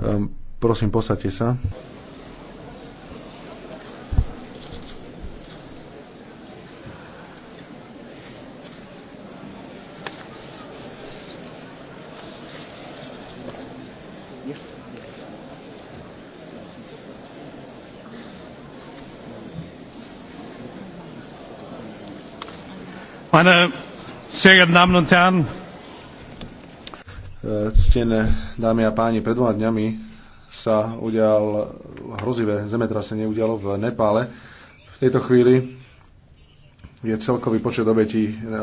Ehm, prosím, posadte sa. Meine sehr geehrten Damen und Herren, Eh, ctené dámy a páni, pred dvoma dňami sa udial hrozivé zemetrasenie udialo v Nepále. V tejto chvíli je celkový počet obetí